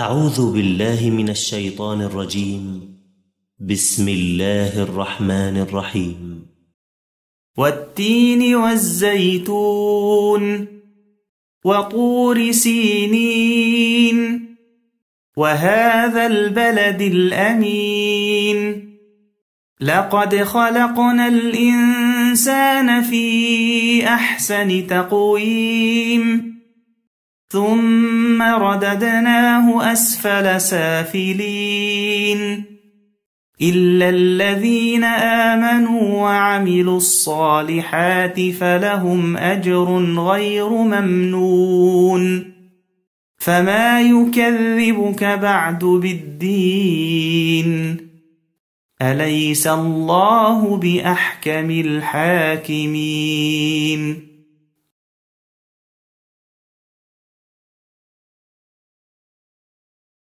أعوذ بالله من الشيطان الرجيم بسم الله الرحمن الرحيم والتين والزيتون وطور سينين وهذا البلد الأمين لقد خلقنا الإنسان في أحسن تقويم ثم رددناه أسفل سافلين إلا الذين آمنوا وعملوا الصالحات فلهم أجر غير ممنون فما يكذبك بعد بالدين أليس الله بأحكم الحاكمين